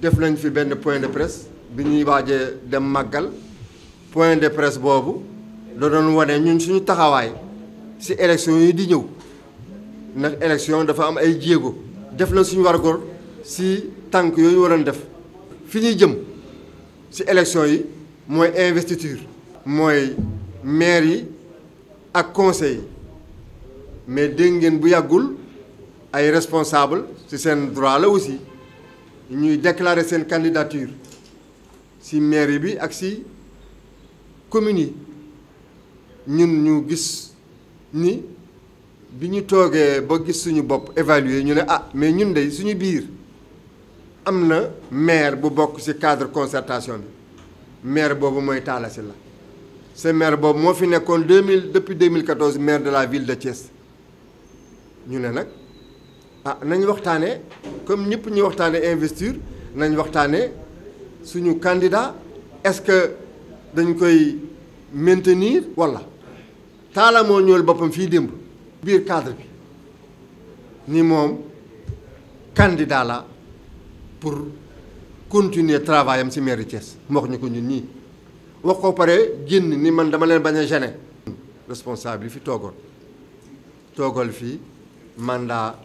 def nañ fi benn point de presse bi ñuy waajee dem màggal point de presse boobu da doon wane ñun suñu taxawaay ci élection yi di ñëw ndax élection dafa am ay jéego def nañ suñu wargoor ci tànk yooyu waroon def fi ñuy jëm ci élection yi mooy investiture mooy maire yi ak conseil mais dégg ngeen bu yàggul ay responsable ci seen droit la aussi ñuy déclarer seen candidature ci mairie bi ak ci commune yi ñun ñu gis ni bi ñu toogee ba gis suñu bopp évaluer ñu ne ah mais ñun de suñu biir am na maire bu bokk ci cadre concertation bi maire boobu mooy Talla la ce maire boobu moo fi nekkoon 2000 depuis 2014 maire de la ville de Thiès ñu ne nag. Ah, nañ waxtaanee comme ñëpp ñu waxtaanee investiture nañ waxtaanee suñu candidat est-ce que dañ koy maintenir walla taala moo ñëwal boppam fii démb biir cadre bi ni moom candidat la pour continuer am ci mairie Thiès mu wax ñu ko ñun ñii wax ko pare génn ni man dama leen bañ a responsable fi toogoon toogal fii mandat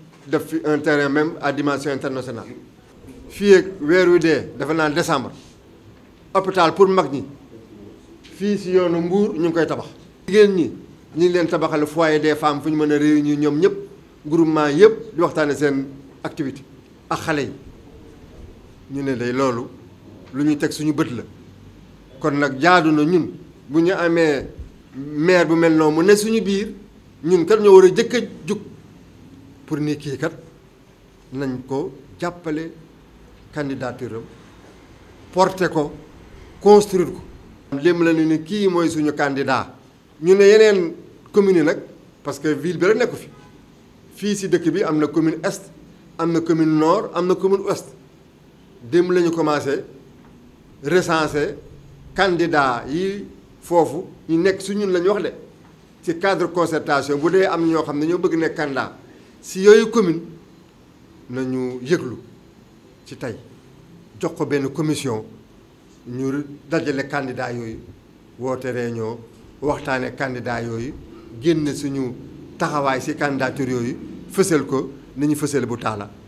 def fi un terrain même à dimension internationale fii ak weer wi dee dafa naan décembre hôpital pour mag ñi fii si yoonu Mbour ñu ngi koy tabax. jigéen ñi ñu leen tabaxale foyer des femmes fu ñu mën a réunir ñoom ñëpp groupement yëpp di waxtaane seen activité ak xale yi ñu ne day loolu lu ñu teg suñu bët la kon nag jaadu na ñun bu ñu amee maire bu mel noonu mu ne suñu biir ñun kat ñoo war a jëkk a jug. pour ni kii kat nañ ko jàppale candidature am porter ko construire ko. lim la ni kii mooy suñu candidat. ñu ne yeneen commune yi nag parce que ville bi rek nekku fi fii si dëkk bi am na commune est am na commune nord am na commune ouest démb lañu ñu commencé recenser candidat yi foofu ñu nekk su ñun la ñu wax de ci cadre concertation bu dee am ñoo xam ne ñoo bëgg nekk candidat. si yooyu commune nañu yëglu ci tey jox ko benn commission ñu dajale kàndidaa yooyu woote réunion waxtaane candidat yooyu génn suñu taxawaay si candidature yooyu fësal ko nañu fësal bu taala